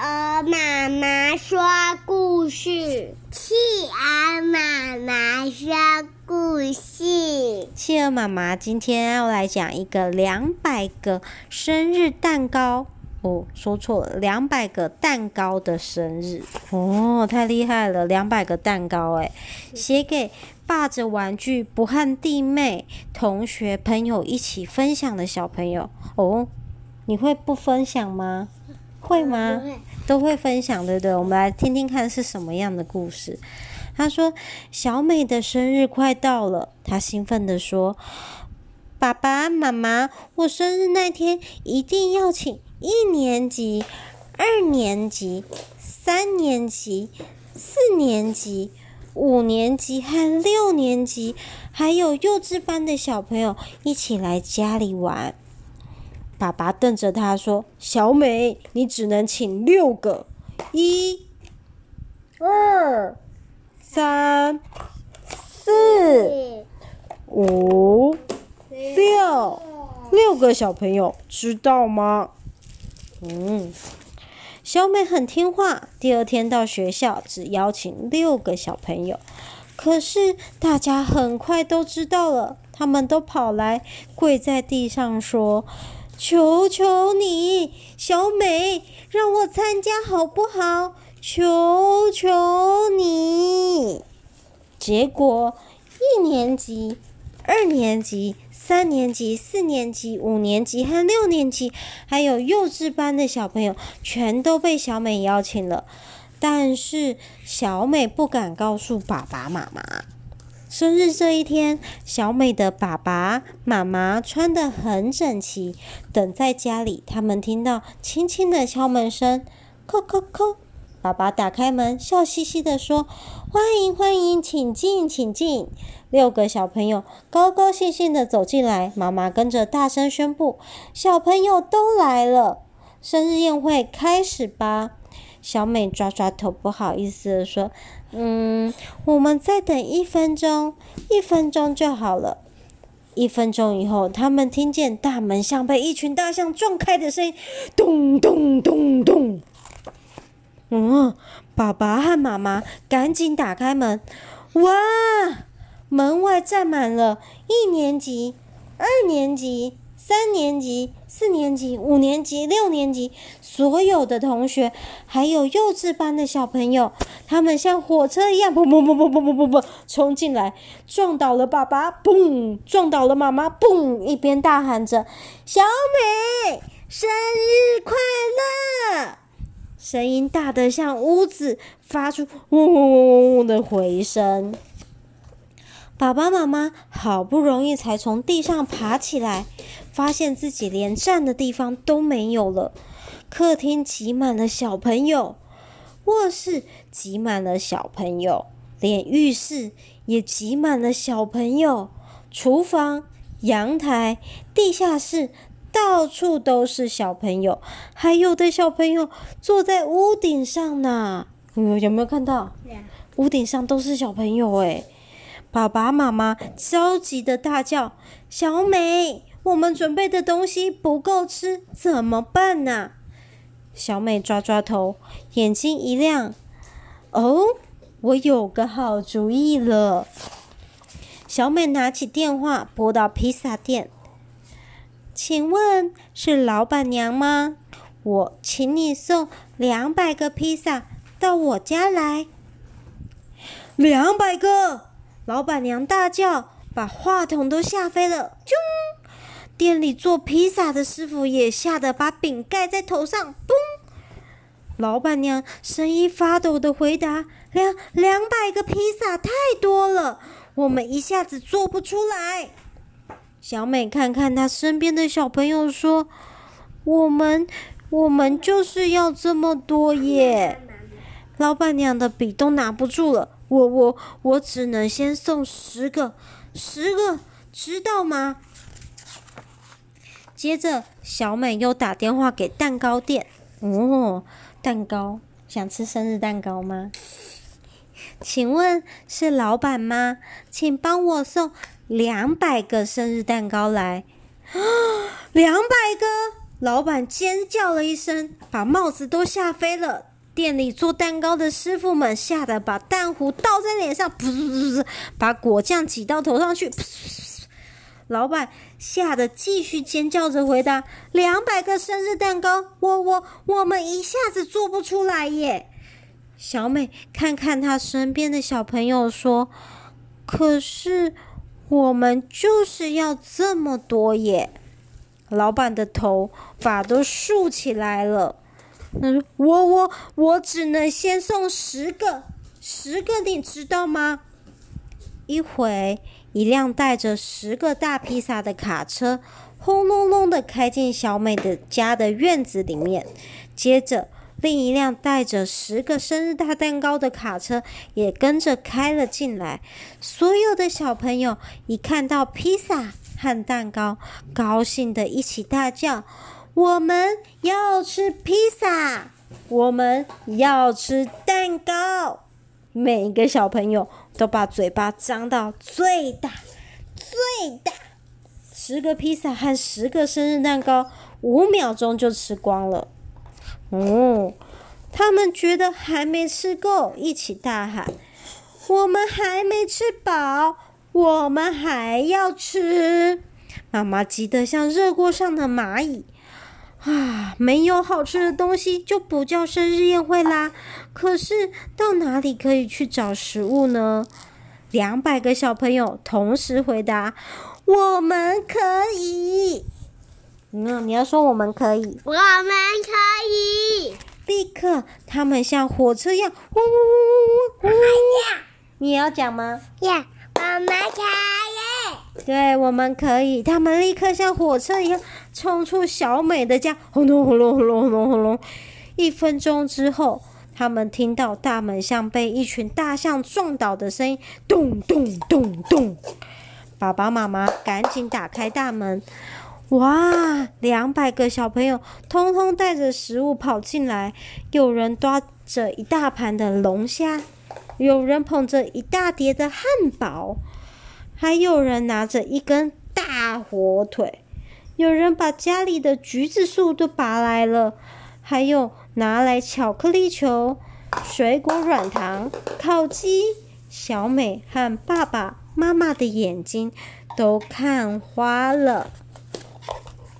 企鵝媽媽說故事，企鵝媽媽說故事。企鵝媽媽今天要來講一個兩百個生日蛋糕，哦，說錯了，兩百個蛋糕的生日，哦，太厲害了，兩百個蛋糕哎。寫給霸着玩具不和弟妹、同學、朋友一起分享的小朋友哦，你會不分享嗎？會嗎？都會分享的。對，我們來聽聽看是什麼樣的故事。他說：“小美的生日快到了，他興奮地說，爸爸媽媽，我生日那天一定要請一年級、二年級、三年級、四年級、五年級和六年級，還有幼稚班的小朋友一起來家裡玩。”爸爸瞪着他說：“小美，你只能請六個，一、二、三、四、五、六，六個小朋友，知道嗎？”嗯，小美很聽話。第二天到學校，只邀請六個小朋友。可是大家很快都知道了，他們都跑來跪在地上說。求求你，小美，讓我參加好不好？求求你。結果，一年級、二年級、三年級、四年級、五年級和六年級，還有幼稚班的小朋友，全都被小美邀請了。但是，小美不敢告訴爸爸媽媽。生日這一天，小美的爸爸、媽媽穿得很整齊，等在家裡。他們聽到輕輕的敲門聲，叩叩叩。爸爸打開門，笑嘻嘻地說：“歡迎，歡迎，請進，請進。”六個小朋友高高興興的走進來，媽媽跟着大聲宣布：“小朋友都來了，生日宴會開始吧。”小美抓抓頭，不好意思地說：“嗯，我們再等一分鐘，一分鐘就好了。”一分鐘以後，他們聽見大門像被一群大象撞開的聲音，咚咚咚咚咚。嗯，爸爸和媽媽趕緊打開門，哇，門外站滿了一年級、二年級。三年級、四年級、五年級、六年級所有的同學，還有幼稚班的小朋友，他們像火車一樣，砰砰砰砰砰砰砰砰，衝進來，撞倒了爸爸，砰！撞倒了媽媽，砰！一邊大喊着：“小美，生日快樂！”聲音大得像屋子發出嗡嗡嗡嗡嗡的回聲。爸爸媽媽好不容易才從地上爬起來。發現自己連站的地方都沒有了，客廳擠滿了小朋友，臥室擠滿了小朋友，連浴室也擠滿了小朋友，廚房、陽台、地下室到處都是小朋友，還有的小朋友坐在屋頂上呢。嗯，有沒有看到？Yeah. 屋頂上都是小朋友哎、欸！爸爸媽媽着急的大叫：“小美！”我們準備的東西不夠吃，怎麼辦呢、啊？小美抓抓頭，眼睛一亮：“哦、oh,，我有個好主意了！”小美拿起電話撥到披薩店：“請問是老闆娘嗎？我請你送兩百個披薩到我家來。”兩百個！老闆娘大叫，把話筒都嚇飛了。啾店裡做披薩的師傅也嚇得把餅蓋在頭上，嘣！老闆娘聲音發抖地回答：“兩兩百個披薩太多了，我們一下子做不出來。”小美看看她身邊的小朋友說：“我們我們就是要這麼多耶！”老闆娘的筆都拿不住了，我我我只能先送十個，十個，知道嗎？接着，小美又打電話給蛋糕店。哦，蛋糕，想吃生日蛋糕嗎？請問是老闆嗎？請幫我送兩百個生日蛋糕來。哦、兩百個！老闆尖叫了一聲，把帽子都嚇飛了。店裡做蛋糕的師傅們嚇得把蛋糊倒在臉上，噗噗噗噗，把果醬擠到頭上去。噗噗噗老板嚇得繼續尖叫着回答：“兩百個生日蛋糕，我我我們一下子做不出來耶！”小美看看她身邊的小朋友說：“可是我們就是要這麼多耶！”老板的頭髮都豎起來了。嗯，我我我只能先送十個，十個你知道嗎？一會。一輛帶着十個大披薩的卡車轟隆隆地開進小美的家的院子裡面，接着另一輛帶着十個生日大蛋糕的卡車也跟着開了進來。所有的小朋友一看到披薩和蛋糕，高興地一起大叫：“我們要吃披薩！我們要吃蛋糕！”每個小朋友。都把嘴巴張到最大，最大！十個披薩和十個生日蛋糕，五秒鐘就吃光了。哦、嗯，他們覺得還沒吃夠，一起大喊：“我們還沒吃飽，我們還要吃！”媽媽急得像熱鍋上的螞蟻。啊，沒有好吃的東西就不叫生日宴會啦。可是到哪裡可以去找食物呢？兩百個小朋友同時回答：“我們可以。”嗯，你要說我們可以？我們可以。立刻，他們像火車一樣，嗚嗚嗚嗚嗚嗚！你也要講嗎？呀，我們可以。對，我們可以。他們立刻像火車一樣衝出小美的家，轟隆轟隆轟隆轟隆。一分鐘之後，他們聽到大門像被一群大象撞倒的聲音，咚咚咚咚咚。爸爸媽媽趕緊打開大門，哇，兩百個小朋友通通帶着食物跑進來，有人抓着一大盤的龍蝦，有人捧着一大碟的漢堡。還有人拿着一根大火腿，有人把家裡的橘子樹都拔來了，還有拿來巧克力球、水果軟糖、烤雞。小美和爸爸媽媽的眼睛都看花了。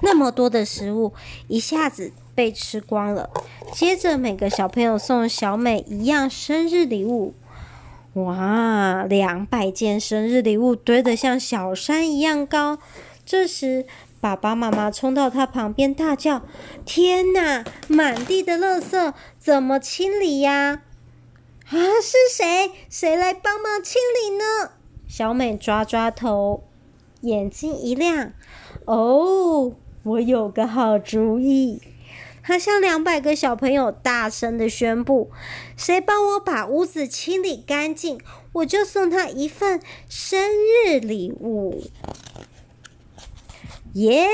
那麼多的食物一下子被吃光了。接着，每個小朋友送小美一樣生日禮物。哇，兩百件生日禮物堆得像小山一樣高。這時，爸爸媽媽衝到他旁邊大叫：“天哪，滿地的垃圾怎麼清理呀、啊？”啊，是誰？誰來幫忙清理呢？小美抓抓頭，眼睛一亮：“哦，我有個好主意。”他向兩百個小朋友大聲的宣布：“誰幫我把屋子清理乾淨，我就送他一份生日禮物。”耶！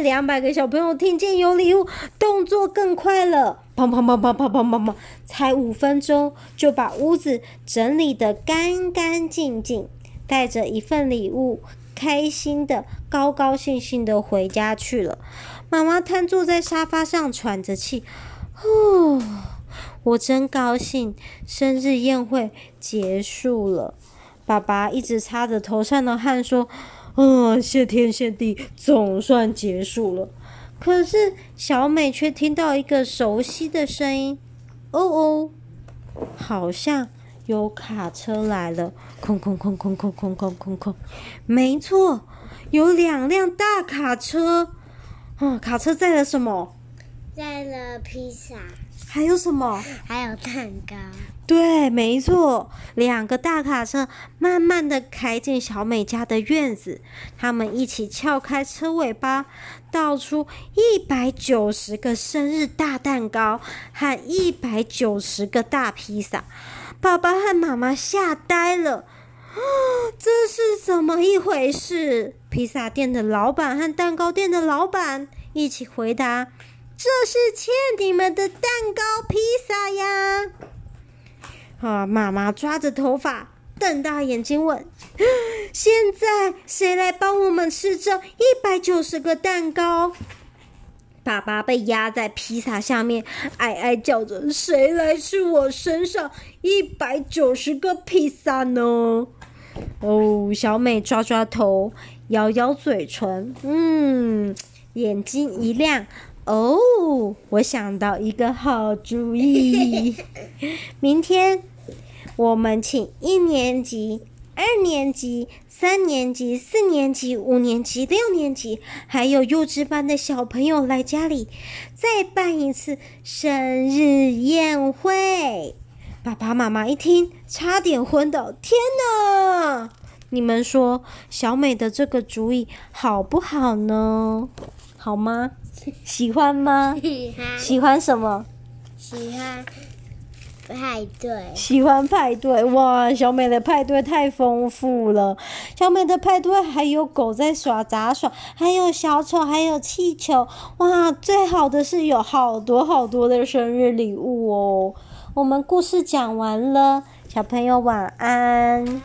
兩百個小朋友聽見有禮物，動作更快了，砰砰砰砰砰砰砰砰，才五分鐘就把屋子整理得乾乾淨淨，帶着一份禮物，開心的，高高興興的回家去了。媽媽癱坐在沙發上喘，喘着氣，哦，我真高興，生日宴會結束了。爸爸一直擦着頭上的汗，說：“啊、嗯，謝天謝地，總算結束了。”可是小美卻聽到一個熟悉的聲音：“哦哦，好像。”有卡車來了，空空空空空空空空空，沒錯，有兩輛大卡車。啊、嗯，卡車載了什麼？載了披薩。還有什麼？還有蛋糕。對，沒錯，兩個大卡車慢慢的開進小美家的院子，他們一起撬開車尾巴，倒出一百九十個生日大蛋糕和一百九十個大披薩。爸爸和媽媽嚇呆了，這是怎麼一回事？披薩店的老闆和蛋糕店的老闆一起回答：“這是欠你們的蛋糕、披薩呀！”啊，媽媽抓着頭髮，瞪大眼睛問：“現在誰來幫我們吃這一百九十個蛋糕？”爸爸被壓在披薩下面，哀哀叫着：“誰來吃我身上一百九十個披薩呢？”哦，小美抓抓頭，咬咬嘴唇，嗯，眼睛一亮，哦，我想到一個好主意， 明天我們請一年級。二年級、三年級、四年級、五年級、六年級，還有幼稚班的小朋友來家裡，再辦一次生日宴會。爸爸媽媽一聽，差點昏倒。天吶，你們說小美的這個主意好不好呢？好嗎？ 喜歡嗎？ 喜歡什麼？ 喜歡。派對，喜歡派對，哇！小美的派對太豐富了，小美的派對還有狗在耍雜耍，還有小丑，還有氣球，哇！最好的是有好多好多的生日禮物哦。我們故事講完了，小朋友晚安。